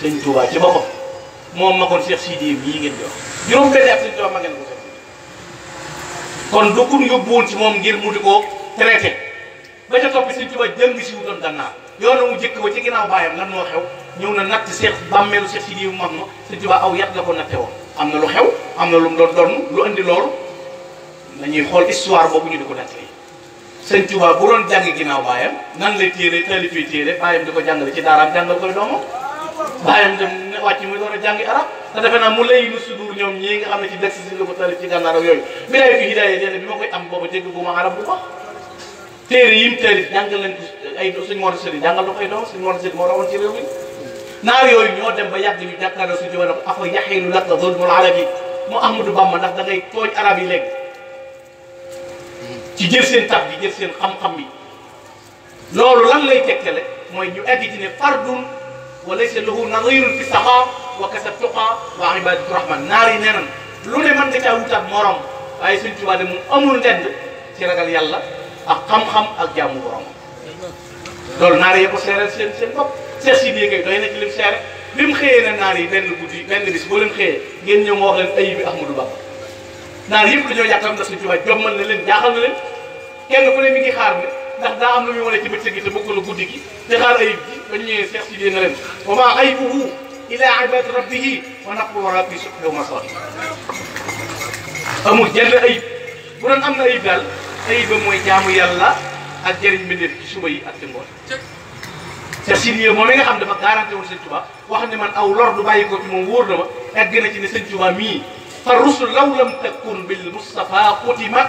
sëñ Touba ci boppam moom magoon Cheikh Sidi yi ngeen di wax juróom benn ak sëñ Touba ma ngeen ko Cheikh kon du kun yóbbuwul ci moom ngir mu di ko traité ba ca topp sëñ Touba jëng si wutoon gannaaw yoonu mu jëkk ba ci ginnaaw baayam lan moo xew ñëw na natt Cheikh bàmmeelu Cheikh Sidi mu mag ma sëñ Touba aw yat la ko natte woon am na lu xew am na lu mu doon doon lu andi loolu dañuy xool histoire boobu ñu di ko nattee sëñ Touba bu doon jàng ginnaaw baayam nan la téere taalifee téere baayam di ko bàyyam dem ne wàcc muy door a jàngi arab te defe naa mu lay nu sudur ñoom ñii nga xam ne ci dex si la ko tarif ci gànnaar ak yooyu bi lay fi hidaaya nee na bi ma koy am booba dégg bu ma arab bu baax ko ay suñ mor sëri naar yooyu ñoo dem ba yàgg ñu jàkkaarloo suñ jëwa ne ko afa yaxilu lakka zulmul arab yi mu Ahmadou Bamba ndax da tooñ arab yi léegi ci jël seen tab bi jël seen xam-xam bi loolu lan lay tegtale mooy ñu egg ci ne fardun وليس له نظير في السماء وكتب تقى وعباد الرحمن ناري نيرن لون من دكا ووتا مورم اي سن تيبا دم امول ند سي راغال يالا اك خام خام اك جامو بروم دول ناري يكو سيرال سين سين بوب سي سي بي كاي دوينا سير ليم خيي ناري بن بودي بن بيس بو لين خيي نين نيو موخ لين ايبي ناري يكو جو ياتام دا سن تيبا جومن لين ياخال لين كين كولي ميغي ndax daa am lu muy wane ci bëccëg gi te bokkul guddi gi te xaar ayib gi ba ñu ñëwee seex si dee na leen wa maa aybuhu illaa ibaadatu rabbihi wa naqbu rabbi subhi wa masar amul jenn ayib bu doon am na ayib daal ayib ba mooy jaamu yàlla ak jëriñ mbindeef ci suba yi ak ci ngoon te Siriya moom mi nga xam dafa garanté woon Sëñ Tuba wax ne man aw lor du bàyyi ko ci moom wóor na ma egg na ci ne Sëñ Tuba mii fa rusul law lam takun bil Mustafa xutimat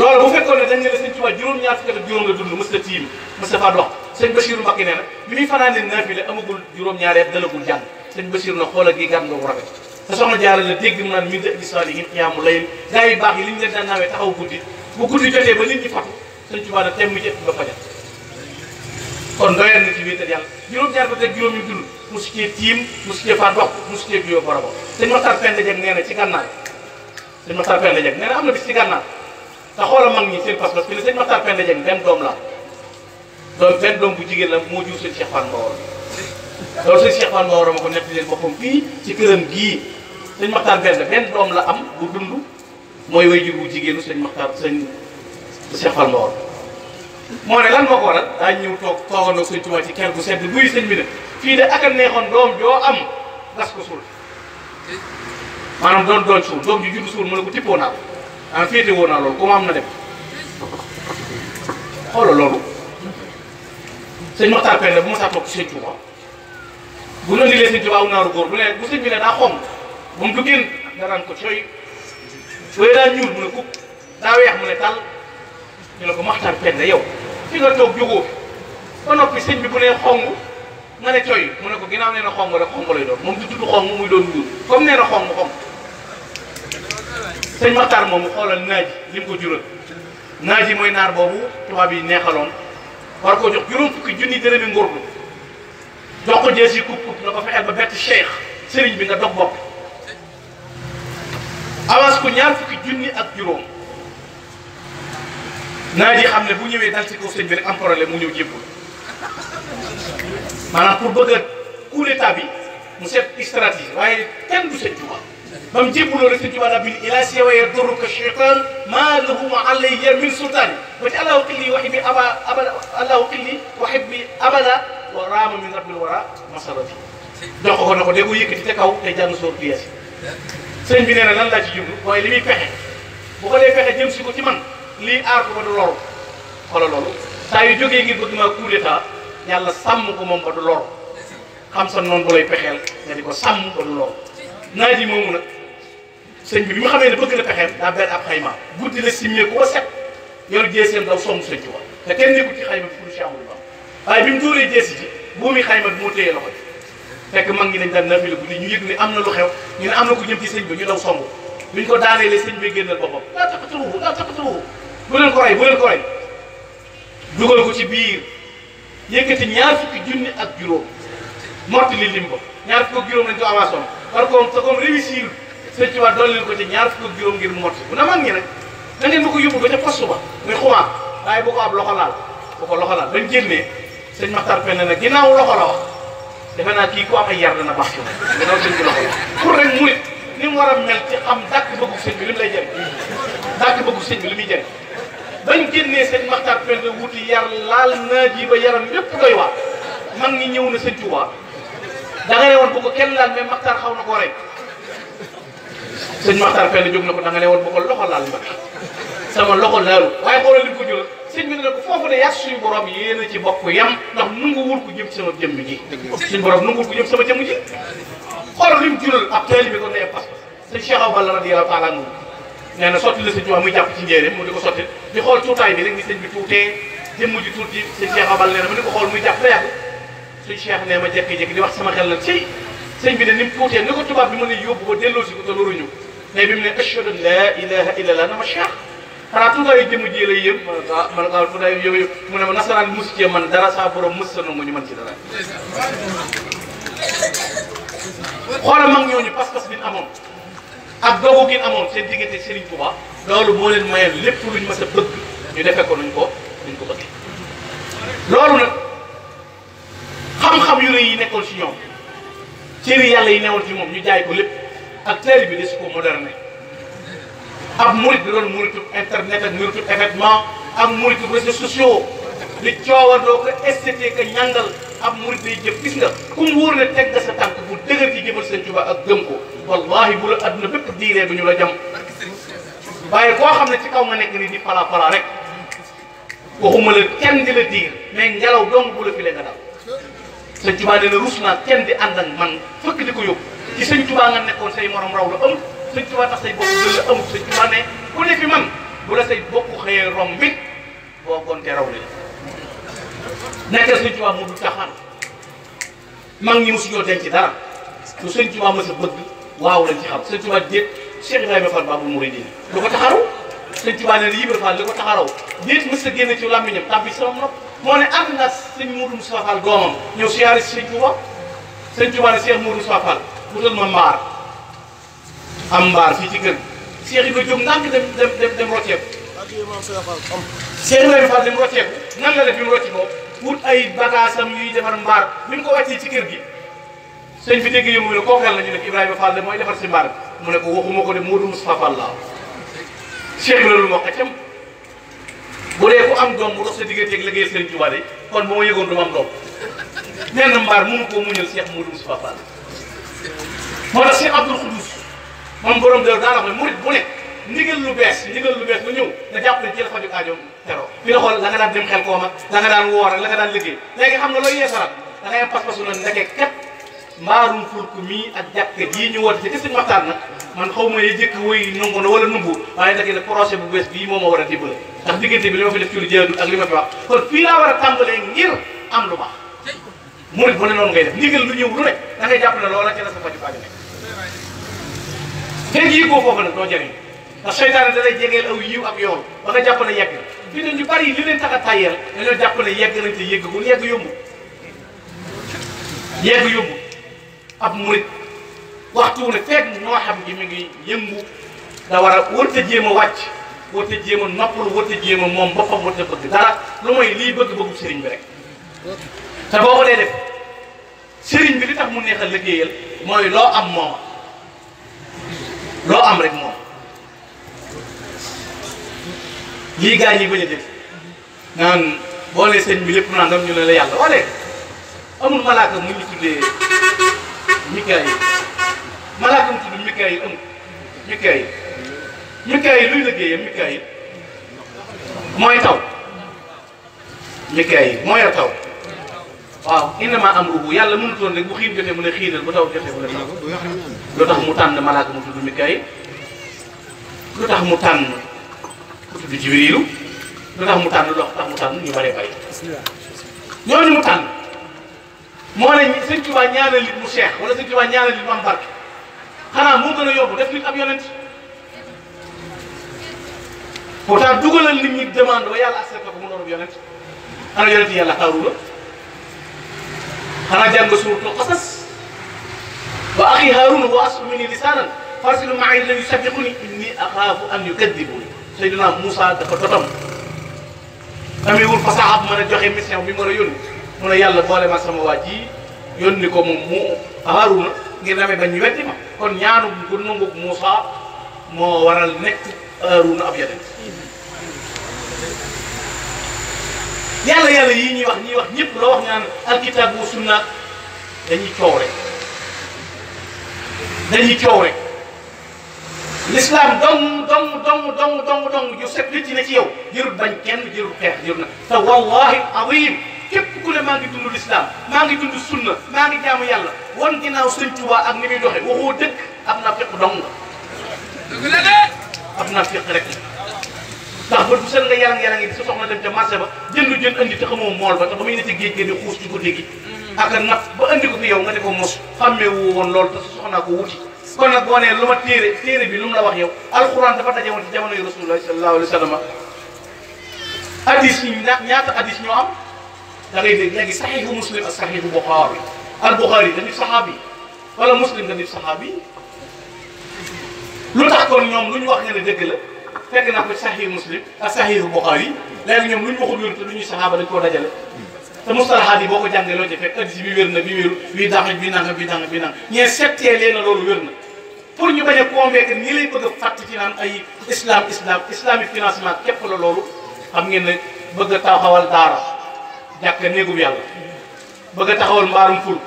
loolu bu fekkoon ne dañ ne la sëñ Tuubaa juróom ñaar fukki at ak juróom la dund mës tiim Moustapha dox sëñ Bachir Mbacké nee na bi muy fanaanee naafile amagul juróom-ñaari at dalagul jàng sëñ Bachir na xoolal gi gàm nga wu rafet te la dégg mu naan min yi ñaamu ñu leen daan naawee taxaw guddi bu guddi na temm ci kon doyal na ci yàlla juróom-ñaar ba teg juróom yu dund mosu cee tiim mosu cee faa dox mosu cee juyoo boromam sëñ Maxtar Penda Jeg nee na ci na am na bis ci gànnaar te xoolal mag ñi seen pas-pas fi ne sëñ Maxtaar Penda doom la doom benn doom bu jigéen la moo jur seen Cheikh Fan Mbawar loolu seen Cheikh ma ko nekk leen boppam fii ci këram gii sëñ Maxtaar la am bu mooy way jur wu sëñ Maxtaar sëñ Cheikh Fan ko waral daa ñëw toog toogandoo sëñ Tuubaa ci kër gu sedd buy sëñ bi ne fii de ak a neexoon doom joo am gas ko suul maanaam doon doon suul doom ju juddu suul mu ne ko tippoo naa ko ah féete woo naa loolu comme am na dem xoolal loolu Penda bu ma saa toog ci sëñ Tuuba bu ñu indilee sëñ Tuuba aw naaru góor bu ne bu sëñ bi ne daa xonk ba mu duggin nga ko cooy wéy daa ñuul mu ne mu ne tàll ñu ne ko Maxtaar Penda yow fi nga toog jógoo fi ba noppi sëñ bi bu ne xong nga ne cooy mu ne ko ginnaaw nee na xong rek xong lay doon moom du tudd xong nee na xong xong سيد مختار مومو خولال ناجي ليمكو جورو ناجي موي نار بوبو توبا بي نيهالون باركو جوخ جورو فك جوني ديرامي نغورلو جوخو جيسي كوب كوب نكو فخيل با بيت شيخ سيرنج بي نغا دوك بوب اواس كو نيار فك جوني اك جورو ناجي خامني بو نيوي دال سي كو سيرنج بي رك ام بروبليم مو نيو جيبو مانا بور بوغ كولتا بي مو سيب استراتيجي واي كين دو سيرنج mam jébbuloo rek sëñ Tuubaa rabbil ilaasi wa yadurruka sheytaan maa lahu alayya min sultaan ba ci allahu qilli wa hibbi aba abada allahu qilli wa hibbi abada wa raama min rabbil wara masarati donc ko na ko déggu yëkkati te kaw te jàng soor biyaasi sëñ bi nee na lan laa ci jublu waaye li muy pexe bu ko dee pexe jëm si ko ci man li aar ko ba du loru xola loolu saa yu jógee ngir bëgg maa coup d'état yàlla sàmm ko moom ba du loru xam sa noonu bu lay pexeel naaj yi moomu nag sëñ bi bi mu xamee ne bëgg na pexeem daa benn ab xayma guddi la simmee ku ko set yor jeeseen daw song sëñ Tuubaa te kenn nekkul ci xayma bi pour bi mu tuuree jeesi ji buumi xayma bi moo téye loxo bi fekk ngi nañ daan nafila guddi ñu yëg am na lu xew ñu ne am na ku jëm ci sëñ ñu daw song buñ ko daaneele sëñ bi génnal boppam laa taqatuhu laa taqatuhu bu leen ko rey bu leen ko rey ko ci biir yëkkati ñaar fukki junni ak juróom motti li lim ko ñaar fukki juróom lañ ko avance par contre sa koom réussir sëñ Tuubaa leen ko ci ñaar fukk ak juróom ngir mu mot bu na mag ñi nag na ma ko yóbbu ba ca poste ba muy xumaat waaye bu ko ab loxo laal bu ko loxo laal bañ génnee sëñ Maxtar Penda nag ginnaaw loxo la wax defe naa kii ku am ay yar dana baax ci moom ginnaaw sëñ mu nit mu war a mel ci xam dàkk bëggu sëñ bi li mu li muy jëriñ bañ génnee sëñ Maxtar wuti yar laal naa ji ba yaram yépp doy waar mag ñi ñëw na da nga ne woon bu ko kenn laal mais Makhtar xaw na koo suñ sëñ Makhtar fenn jóg na ko da nga ne woon bu ko loxo laal ma sama loxo laalu waaye xoolal li ko jural sëñ bi ko foofu de yàgg suñu borom yéen a ci bokk yam ndax nungu wul ko jëm ci sama ji. suñu borom nungu wul ko jëm sama jëmm ji xoolal li mu jural ab taalibe ko nee pas sëñ Cheikh Awa Balla na sotti la sëñ bi muy jàpp ci njéeréem mu di ko sotti di xool tuutaay bi rek ni sëñ bi tuutee jëmm ji tuuti sëñ Cheikh Awa Balla nee na mu di ko xool muy jàpp la yàgg suñ cheikh di wax sama xel si sëñ bi ne ni mu tuutee ni bi mën a ko delloo si ko te loruñu ne bi ne ashhadu an ilaha illa allah na ma cheikh xanaa tuutaayu jëmm ji lay yëm man ah man ah tuutaayu mu ne ma nasaraan man dara borom ñu ci dara. ñooñu pas-pas bin amoon ak dogu gi amoon seen diggante Serigne Touba loolu moo leen mayal lépp luñ mës bëgg ñu ko ko ko xam-xam yu rëy yi nekkoon si ñoom cëri yàlla yi newoon ci moom ñu jaay bu lépp ak teel bi des ko moderne ab murit bi doon muritub internet ak muritub événement ak muritub réseaux sociaux li coowandoo ko esthétique ka ñàngal ab murit day jëf gis nga ku mu wóor ne teg nga sa tànk bu dëgër ci jëmal seen Tuubaa ak gëm ko wallahi bu la adduna bépp diiree bu ñu la jam waaye koo xam ne ci kaw nga nekk ni di pala pala rek waxuma la kenn di la diir mais ngelaw dong nga dal sëñ Tuubaa nee na kenn di ànd ak man fëkk di ko yóbbu ci sëñ Tuubaa nga nekkoon say morom raw la amul sëñ Tuubaa tax say bokk jël la sëñ Tuubaa ne ku ne fi man bu la say bokk xëyee rom mit boo gontee raw li nekkal sëñ Tuubaa mu du taxaan mag ñi mosuñoo denc dara lu sëñ Tuubaa mës a bëgg waaw lañ ci xam sëñ Tuubaa déet Cheikh Ibrahima Fall Babou Mouridine lu ko taxaraw sëñ Tuubaa nee na Ibra Fall ko taxaraw déet mës génn ci làmmiñam tàbbi sama nopp moo ne ànd na sëñ Mourou Moustapha Fall doomam ñëw si sëñ Touba sëñ Touba ne Cheikh Mourou Moustapha Fall wutal ma mbaar am mbaar si ci kër Cheikh yi ba jóg ndànk dem dem dem dem rocceeku. Cheikh Ibrahima Fall dem rocceeku nan la def bi mu rocci ko wut ay bagaasam defar mbaar bi mu ko wàccee ci kër gi sëñ bi dégg yëngu mu ne kooku la ñu ne Ibrahima Fall de mooy defar si mbaar mu ne ko waxuma ko de Mourou Moustapha Fall laa Cheikh la lu mu wax bu dee ku am doom bu dox sa digganteeg liggéey sëriñ Tuubaa de kon bu ma yëgoon du am doom menn mbaar mënu ko muñal Cheikh Modou Moustapha Fall moo tax Cheikh Abdoul Khoudous moom borom dër daa ne murit bu nekk ndigal lu bees lu bees lu ñëw jàpp ne ci la faju aajo tero fi la xool la nga daan dem xel koo la daan woor ak la nga daan liggéey léegi xam nga looy yeesalaat da ngay am pas-pasu la ndeke kat mbaarum fulku mii ak jàkk jii ñu woote te sëñ waxtaan nag man xaw ma jëkk woy nungu na wala nungu waaye nag ne projet bu bees bii moom moo war a dimbale ndax diggante bi li ma fi def ci lu jaadul ak li ma fi wax kon fii laa war a tàmbalee ngir am lu baax murit bu ne noonu ngay def ndigal lu ñëw lu ne da jàpp ne loola ci la sa faju faju nekk feeg yi koo foofu nag doo aw yiw ak yoon ba jàpp ne yegg na fi ne ñu bari li leen tax a tàyyeel dañoo jàpp ne yegg yëg te yegg gun yegg yómbu yegg yómbu murit waxtu wu ne fekk ñoo xam gi mi ngi yëngu da war a wërta jéem a wàcc wërta jéem a noppalu wërta jéem a moom boppam wërta bëgg dara lu mooy lii bëgg-bëggu sëriñ bi rek te boo ko dee def sëriñ bi li tax mu neex a liggéeyal mooy loo am moom loo am rek moom lii gaa ñi bañ a def naan boo nee sëñ bi lépp naan dam ñu ne la yàlla wala amul malaaka mu ñu tuddee Mikaayil malaaka mu tudd Mikaayil amul Mikaayil Mikaayil luy liggéeyam Mikaayil mooy taw Mikaayil mooy a taw waaw innama amruhu yàlla mënutoon rek bu xiin jotee mu ne xiinal bu taw jotee mu ne taw lu tax mu tànn malaaka mu tudd Mikaayil lu tax mu tànn ku tudd Jibriilu lu tax mu tànn lu tax mu tànn ñu bëree bëri ñooñu mu tànn moo ne Sëñ Tuubaa ñaanal nit mu seex wala Sëñ Tuubaa ñaanal nit mu am barke xanaa moo gën a yóbbu def nit ab yonent pourtant dugalal nit ñi demande ba yàlla accepté ko mu doon ab yonent xanaa yonent yàlla xaaru la xanaa jàng suuratul qasas wa axi haaruna waasbir minni lisaanan farsil ma'iya alladhi yusaddiquni inni axaafu an yukadibuni Seydina Moussa dafa totom tamit wul fasaxaab mën a joxe mission bi mën a yónni mu ne yàlla boole ma sama waa ji yónni ko moom mu Haaruna ngir damay bañ ñu weddi ma kon ñaanu gu nangug Moussa moo waral nekk Haaruna ab yonent yàlla yàlla yii ñuy wax ñuy wax ñëpp loo wax ñaan alkitab wa sunna dañuy coow rek dañuy coow rek l'islam dong dong dong dong dong dong ju set li ci ne ci yow jërul bañ kenn jërul xeex jërul na te wallahi azim képp ku maa ngi dund lislaam maa ngi dund sunna maa ngi jaamu yàlla wan ginnaaw sëñ Tuubaa ak ni muy doxe waxoo dëkk am naa féq dong nga am naa féq rek ndax ba du seen nga yaram yaram ngi di sa soxna dem ca marché ba jënd jën andi te xamoo mool ba te ba muy ne ci géej gi xuus ci guddi gi ak naf ba andi ko fi yow nga ne ko mos xàmmee woo woon loolu te sa soxnaa ko wuti kon nag boo nee lu ma téere téere bi lu mu la wax yow alxuraan dafa daje jamono yu rasulullahi sallallahu alayhi wa sallam hadis yi ñaata hadis ñoo da ngay dégg léegi saxiixu muslim ak saxiixu buxaari al buxaari dañuy saxaabi wala muslim dañuy saxaabi lu tax kon ñoom lu ñu wax nga ne dëgg la fekk naa ko saxiixu muslim ak saxiixu buxaari léegi ñoom lu ñu waxul wér te lu ñuy saxaaba dañ koo dajale te mustalahaat yi boo ko jàngee loo ci fekk hadiis bi wér na bi wéru bii daxaj bi nanga bi nanga bi nanga ñee settee lee na loolu wér na pour ñu bañ a convaincre nii lay bëgg a fàtt ci naan ay islam islam islamique financement képp la loolu xam ngeen ne bëgg a taxawal daara jàkka néegub yàlla bëgg a taxawal mbaarum ful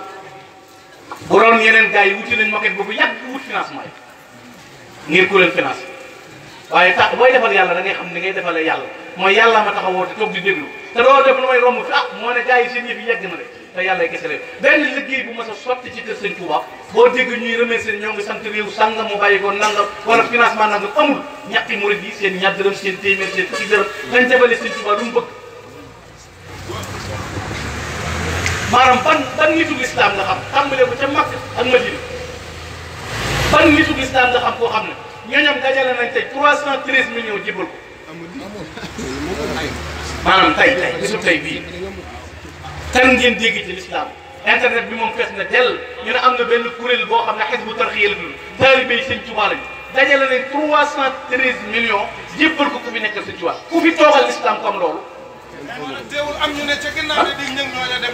bu ron yeneen gars yi wuti nañ maquette boobu yàgg wut financement yi ngir ku leen financé waaye tax booy defal yàlla da ngay xam ne ngay defale yàlla mooy yàlla ma taxawoo te toog di déglu te doo def lu may romb fi ah moo ne gars yi seen yëf yi yegg de te yàlla kese leen benn liggéey bu ma sa sotti ci kër sëñ boo dégg ñuy remercier ñoo ngi sant réew sàngam mu bàyyi ko nangam wala financement nangam amul ñetti murid yi seen ñaar dërëm seen téeméer seen fukki dërëm maanaam ban ban nitu lislaam nga xam tàmbalee ko ca Makka ak Madina ban nitu lislaam nga xam koo xam ne ñooñam dajale nañ tey trois cent treize millions jibal ko maanaam tey tey bisu tey bii kan ngeen dégg ci lislaam internet bi moom fees na dell ñu ne am na benn kuréel boo xam ne xes bu tarxiya la dul taalibe yi sëñ Tuubaa lañu dajale nañ trois cent treize millions jébal ko ku fi nekk sëñ Tuubaa ku fi toogal lislaam comme loolu teewul am ñu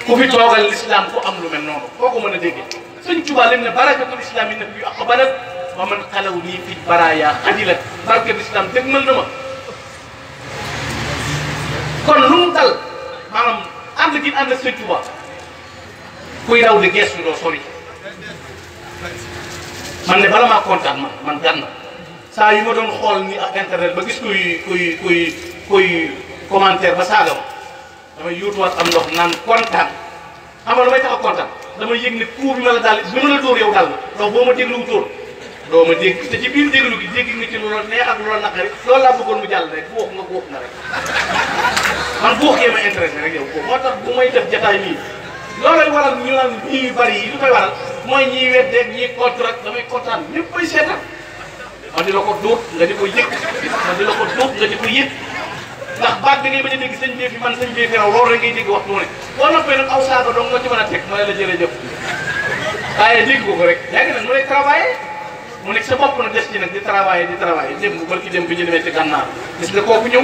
ku fi toogal l'islam ku am lu mel noonu koo ko mën a déggee sëñ Tuubaa lim ne barakatul islam yi nag yu aqbalat wa man xalaw nii fi baraya xadilat barke l'islam dégmal na ma kon lu mu dal maanaam ànd gi ànd sëñ Tuubaa kuy daw di geestu doo sori man ne bala maa kontaan ma man gànn saa yu ma doon xool nii ak internet ba gis kuy kuy kuy kuy commentaire ba saaga ma damay yuutuwaat am ndox naan kontaan xam nga lu may a kontaan damay yëg ne coup bi ma la daal bi ma la dóor yow daal ma déglu ma dégg te ci biir déglu gi la neex ak lu rek bu wax nga bu wax na rek kontaan ma di la ko nga di ko yëg ma di la ko nga di ko yëg ndax baag bi ngay bañ a dégg sëñ bee fi man sëñ bee fi raw loolu rek ngay dégg waxtu ne boo noppee nag aw saaga dong nga ci mën a teg ma ne la jërëjëf waaye dégg ko ko rek léegi nag mu lay travaillé mu nekk sa bopp nag des ci nag di travaillé di travaillé démb barki démb bi ñu demee ci gànnaar gis nga kooku ñëw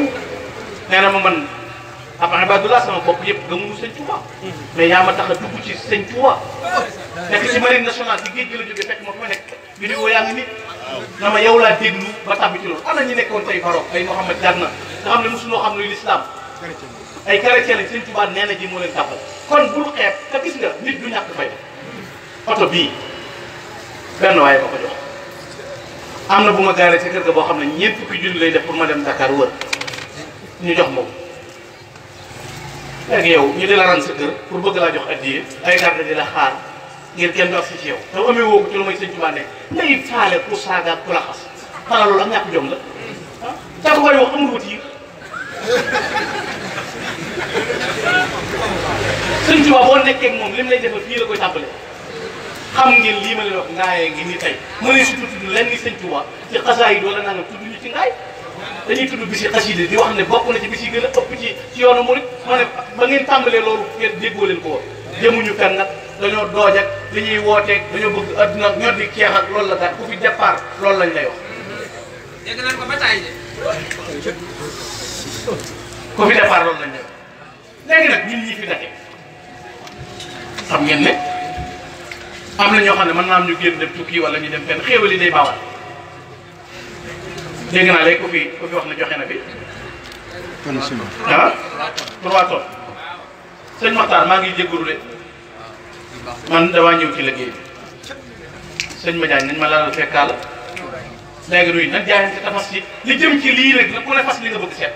nee na ma man ab ibadullah sama bopp yëpp gëmunu sëñ Touba mais yaa ma tax a dugg ci sëñ Touba nekk ci marine nationale ci géej gi la jógee fekk ma fi ma nekk vidéo yaa ngi nit na ma yow laa déglu ba tàbbi ci loolu ana ñi nekkoon tey Maroc ay Mouhamed Dagna nga xam ne mosuloo xam luy lislaam ay chrétien lañ seen tubaab nee na ji moo leen tàppal kon bul xeeb te gis nga nit du ñàkk fay oto bii benn waaye ma ko jox am na bu ma gaaree sa kër ga boo xam ne ñeent fukki junni lay def pour ma dem Dakar wër ñu jox moom yow ñu di la ran bëgg laa jox addiye ay garde di la xaar ngir kenn du si ci yow te amee woo bu ci lu may sëñ Tuubaa nekk ngay faale pour saagaat ku la xas xanaa loolu am ñàkk jom la ah càgguwaay wax amul wut yi sëñ Tuba boo nekkee moom lim lay defal fii la koy tàmbale xam ngeen lii ma leen wax ngaayee ngi ni tey mu ne si tudd lenn ni sëñ Tuba ci xasaay yi wala naa nga tudd ñu ci ngaay dañuy tudd bisi xasida di wax ne bokk na ci bis yi gën a ëpp ci ci yoonu murit ma ne ba ngeen tàmbalee loolu ngeen déggoo leen ko woon ñu kan nag dañoo dooj ak li ñuy wooteeg dañoo bëgg adduna ñor di keex lool la daal ku fi départ loolu lañ lay wax ku fi départ loolu lañ def léegi nag fi daje xam ngeen ne am na ñoo xam ne mën naa am ñu génn dem tukki wala ñu dem fenn xéewal li day baawal naa léegi ku wax na joxe na fi. si moom ah maa ngi jégalu de man damaa ñëw ci liggéey bi ma jaañ nañ ma laalal fekkaal léegi nuyu nag jaayante te fas li jëm ci lii rek nag ku ne fas li nga bëgg seet.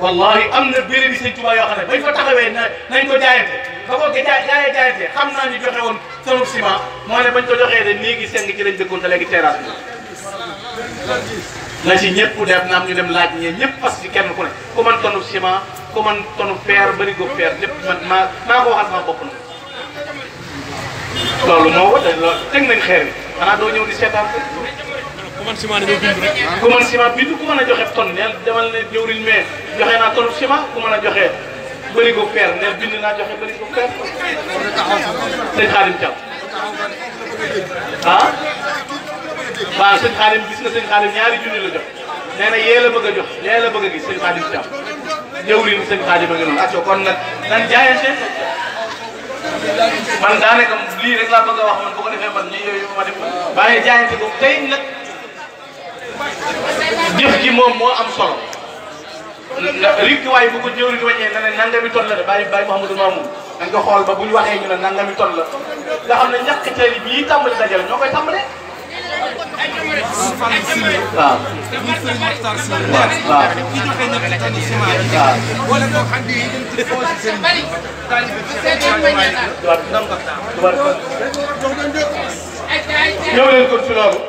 wallahi am na béréb yi sëñ Tuubaa xam ne bañ fa taxawee na nañ ko jaayante ba ko jaayee jaayante xam naa ñu joxe woon moo bañ ko joxee de néegi seng ci lañ dëkkoon te léegi terrasse bi na si ñëpp def na am ñu dem laaj ñee ñëpp fas ci kenn ku ne ku man tonu ciment ku man tonu fer bëri go fer lépp man maa maa ko waxal sama loolu moo wata loolu teg nañ xeer yi doo ñëw di seetaan man ciment dañoo bind rek. ku ah, man ciment bind a joxe tonne neel demal joxe naa tonne ciment ku mën a joxe bëri ko fer neel bind naa joxe bëri ko fer. sëñ Xaadim Thiam. ah. waaw sëñ Xaadim gis nga sëñ Xaadim ñaari junni la jox nee na yee la bëgg a jox yee la bëgg a gis sëñ Xaadim Thiam. jëwriñ sëñ Xaadim a ngi noonu acco kon nag nan jaayante. man daanaka lii rek laa bëgg a wax man bu ko defee man ñi ma def bàyyi jaayante ko tey nag. jëf ji moom moo am solo rikiwaay bu ko jëwri di waññee na ne nangami ton la de bàyyi bàyyi Mouhamadou Mamoun da nga xool ba bu ñu waxee ñu ne nangami ton la nga xam ne ñàkk teel yi bii tàmbali dajal ñoo koy tàmbalee waaw. waaw. waaw. ñëw leen kon ci loolu.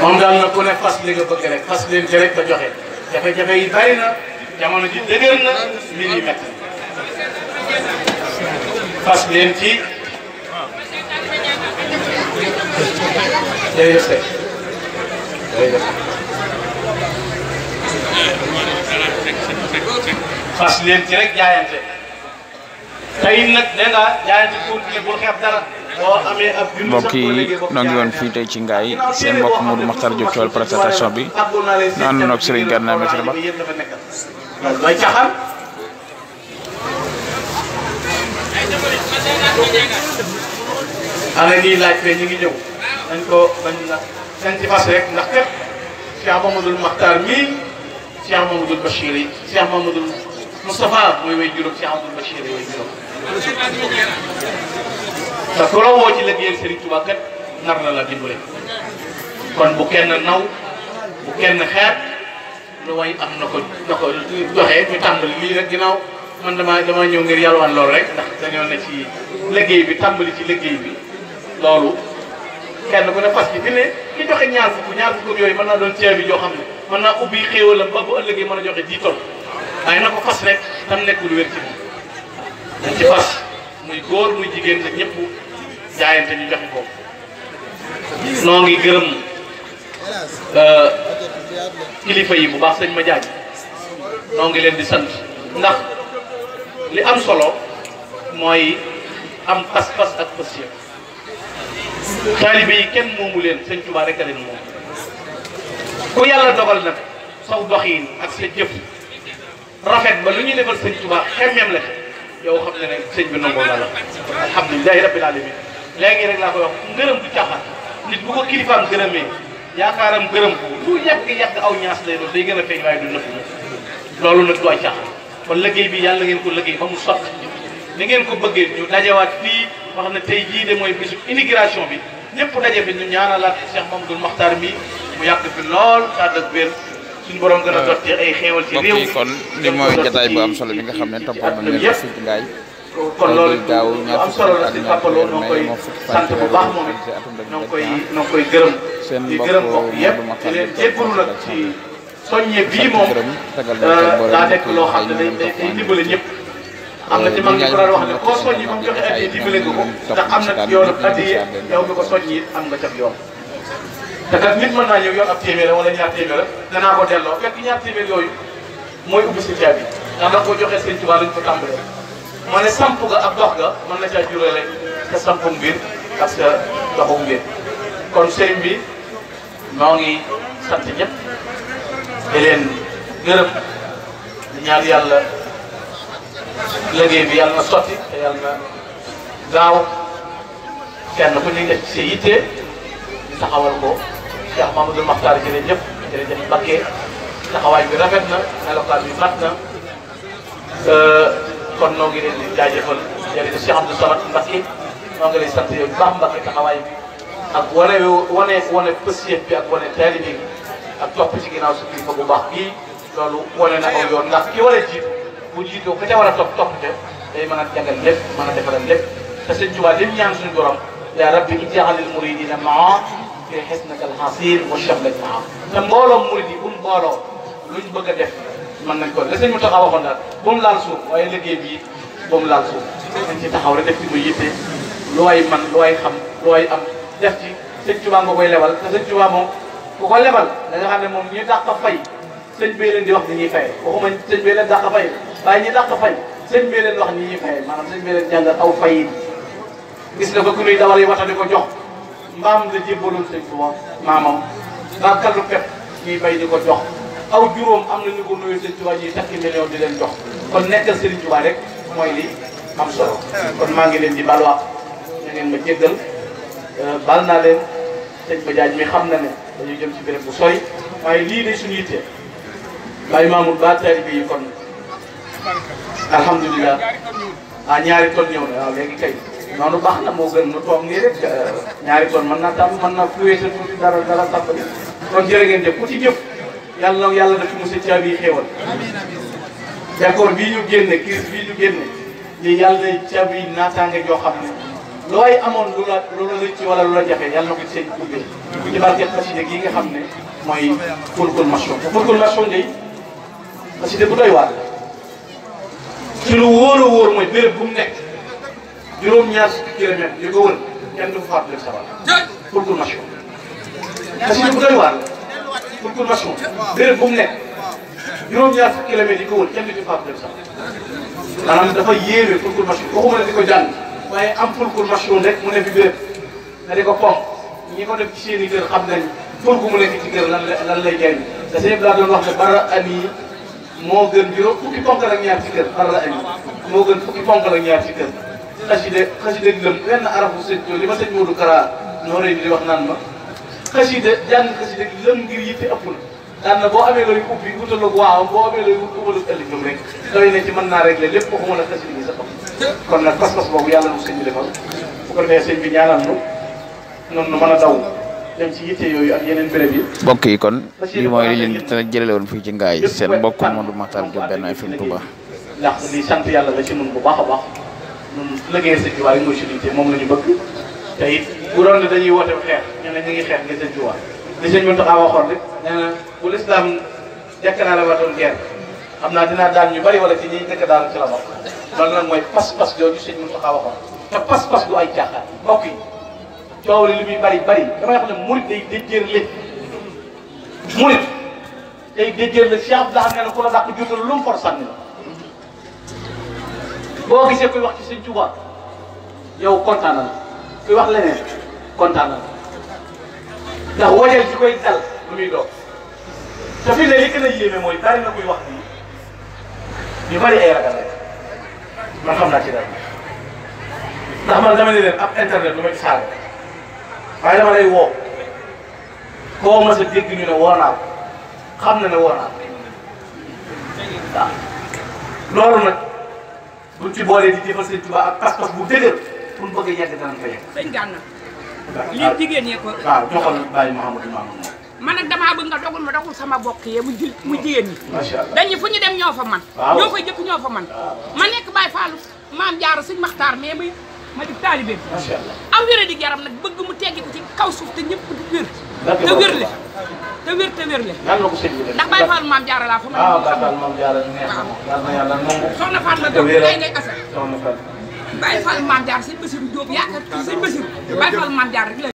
moom daal na ku ne fas li nga bëgg rek fas leen ci rek te joxe jafe-jafe yi bari na jamono ji dëgër na nit ñi métti fas leen ci jërëjëf fas leen yi noo ngi woon fii tey ci ngaay seen mbokk Modou Makhtar Diop ci wàllu présentation bi ñu àndoon ak Serigne Gana Messere Ba. ana nii laaj fee ñu ngi ñëw dañ ko dañ la dañ ci fas rek ndax képp Cheikh Mamadou Makhtar mii Cheikh Mamadou Bachir yi Cheikh Moustapha mooy way juróom si Amadou Bachir way juróom te ku la woo ah, eh, ci liggéeyal Serigne Touba kat na la dimbale kon bu kenn naw bu kenn xeet lu way am na ko na ko joxe ñu tàmbali lii rek ginnaaw man damaa damaa ñëw ngir yalwaan loolu rek ndax dañoo ne ci liggéey bi tàmbali ci liggéey bi loolu kenn ku ne fas bi fi ne ki joxe ñaar fukk ñaar fukk yooyu man naa doon ceeb bi joo xam ne mën naa ubbi xéewalam ba bu ëllëgee mën a joxe dix tonnes waaye na ko fas rek tam nekk lu wér ci moom dañ ci fas muy góor muy jigéen ñépp ñëpp jaayante ñu joxe ko noo ngi gërëm euh, kilifa yi bu baax sëñ ma jaaj noo ngi leen di sant ndax li am solo mooy am pas-pas ak pas yëpp taalibe yi kenn moomu leen sëñ Tuubaa rek a leen moom ku yàlla dogal nag saw doxiin ak sa jëf rafet ba lu ñuy defal sëñ Tuubaa xemmeem la yow xam ne ne sëñ bi nangoo na la alhamdulilahi rabbil alamin léegi rek laa koy wax ngërëm du caaxaan nit bu ko kilifaam gërëmee yaakaaram gërëm ko lu aw ñaas lay doon day gën a feeñ waaye du nëpp loolu nag du ay caaxaan kon liggéey bi yàlla ngeen ko liggéey ba mu sotti ni ngeen ko bëggee ñu dajewaat fii wax ne tey jii de mooy bisu immigration bi ñëpp daje fi ñu ñaanalaat Cheikh Mamadou Makhtar mi mu yàgg fi lool saa dëgg suñu borom gën a dotti euh, ay xéewal ci réew mi kon li mooy am solo bi nga xam ne toppoon nañ leen fii ci ngaay kon loolu am solo la si Fapaloo noo koy sant bu baax moom koy noo koy gërëm di gërëm mbokk yëpp di leen jéggalu nag ci soññe bii moom euh, daa nekk loo xam ne day day day dimbale ñëpp am na ci mag ñu ko daan wax ne koo soññi ba mu joxe addiya dimbale nga ko ndax am na yoonu addiya it am nga ca yoon te kat nit mën naa ñëw yor ab téeméer wala ñaar téeméer rek danaa ko delloo fekk ñaar téeméer yooyu mooy ubbi si caabi ndax da ko joxee sëñ Tuubaa lañ ko tàmbalee ma ne samp ga ak dox ga mën na caa juróole sa sampum bi moo ngi sant ñëpp di leen gërëm di ñaan yàlla sotti te yàlla gaaw kenn ku ñu def ci sa yitte ñu taxawal ko Cheikh Mamadou Makhtar jërëjëf jërëjëf Mbacké taxawaay bi rafet na melokaan bi mat na kon noo ngi leen di jaajëfal jërëjëf Cheikh Abdou Samad Mbacké noo ngi lay sant yow bu baax Mbacké taxawaay bi ak wane wane wane pësiyet bi ak wane taali bi ak topp ci ginnaaw su kilifa bu baax bii loolu wane na aw yoon ndax ki war a jiitu bu jiitoo ka ca war a topp topp te day mën a jàngal lépp mën a defaral lépp te sëñ Tuubaa lim ñaan suñu borom yaa rabbi ij'alil muridiina maa te xes naka la xaasiir wa chef lañ ma am te mbooloo murid yi bu mu mbooloo luñ bëgg a def mën nañ ko la sëñ mu taxaw waxoon daal bu mu laal suuf waaye liggéey bi it bu mu laal suuf dañ ci taxaw rek def ci muy yitte lu way man lu way xam lu way am def ci sëñ Tuubaa nga koy lebal te sëñ Tuubaa moom ku ko lebal da nga xam ne moom ñu dàq fay sëñ bee leen di wax ni ñuy fay waxuma sëñ bee leen dàq fay waaye ñu dàq fay sëñ bee leen wax ni ñuy fay maanaam sëñ bee leen jàngal aw fay gis na ko ku nuy dawal yi wata di ko jox mbaam la jébbaloon sëñ Tuubaa maamam daa kallu pepp ñuy bay di ko jox aw juróom am na ñu ko nuyu sëñ Tuubaa ñuy takki million di leen jox kon nekkal sëriñ Tuubaa rek mooy li am solo kon maa ngi leen di balwaax na ngeen ma jéggal euh, bal naa leen sëñ ba jaaj mi xam na ne dañu jëm ci béréb bu sori waaye lii de suñu yittee bàyyi maamul ba taalibe kon alhamdulilah ah ñaari kon ñëw na waaw ah, léegi kay noonu baax na moo gën nu toog nii rek euh, ñaari ton mën naa tam mën na fuweete tuuti dara dara tàmbali kon jërë ngeen jëf ku ci jëf yàlla na yàlla def monsieur Thiam yi xéewal d'accord bii ñu génne crise bii ñu génne lii yàlla day Thiam yi naataange joo xam ne looy amoon lu la lu la rëcc wala lu la jafe yàlla na ko seen ubbee gi nga xam ne mooy fulkul machon fulkul machon day xaside bu doy waar ci lu wóor a mooy béréb bu mu nekk juróom-ñaar fukki kilomètre yu ko wër kenn du fa faatu dem sabar proclamation xasida bu doy waar proclamation béréb bu yi ko wër kenn du dafa yéeme proclamation waxuma ne di ko jàng waaye am proclamation rek mu ne fi béréb di ko pomp ñi ko def ci seen i kër xam nañ pour que mu nekk ci kër lan lay lan lay jëriñ te sëñ bi laa doon wax ne bara ami moo gën juróom fukki ponk ak ñaar ci bara ami moo gën fukki ponk ak ñaar ci kër. xaside xaside ngëm wenn arafu sëñ li ma sëñ Modou Kara nooree di wax naan ma xaside jàng xaside lëm ngir yitte ëpp na daan na boo amee looy ubbi wutalug waawam la xaside gi sa ëpp kon nag pas-pas boobu yàlla nu sëñ ko defee sëñ noonu nu mën a daw dem ci yitte yooyu ak yeneen béréb yi mbokk yi kon lii mooy leen dina jëlale woon fii ci ngaay seen mbokk Modou Makhtar Diop Benno FM Touba ndax lii sant yàlla la ci nun bu baax a baax ñun liggéey sëñ Tuubaa yi mooy suñu moom la ñu bëgg te it bu doon ne dañuy woote xeex ñu ne ngi xeex ngir sëñ Tuubaa li sëñ Muntaxa waxoon rek nee naa la watoon guerre xam naa dinaa daan ñu bari wala ci daal ci la nag mooy pas-pas jooju sëñ Muntaxa waxoon te pas-pas du ay caaxaan mbokk yi coow li li muy bari bari damay wax ne murit day déjjéer lépp murit day déjjéer lépp Cheikh Abdou xam ne ku la dàq juutal lu mu for sànni boo gisee kuy wax ci sëñ Tuubaa yow kontaan na kuy wax leneen kontaan na ndax wajal ci koy dal lu muy doog te fi ne li gën a mooy bari na kuy wax nii yu bari ay ragal man xam naa ci dara ndax man dama ne leen ab internet lu ma ci saaga waaye dama lay woo koo mos a dégg ñu ne woo xam na ne woo loolu nag. buñ ci boolee di jëfal sëñ Tuubaa ak pas-pas bu dëgër pour mu bëgg a yegg danañ ko yegg. sëñ Gana. waaw lii jigéen ñee ko. waaw joxal Baye Mouhamadou Mamadou damaa bëgg nga dogul ma dogul sama bokk yee mu ji mu jigéen ñi. macha allah dañu fu ñu dem ñoo fa man. ñoo koy jëkk ñoo fa man. ma nekk Baye Fallou maam jaar sëñ Maxtaar mais bi ma di taalibe bi am wér di yaram nag bëgg mu teggi ko ci kaw suuf ta ñëpp di wér te wér le te wér te wér le ndax Baye Fall maam jaara laa fa ma ah, soxna Fall ma doom lay ngay asal maam jaar sëñ Basiru Jóob yaakaar sëñ Basiru Baye Fall maam jaar rek la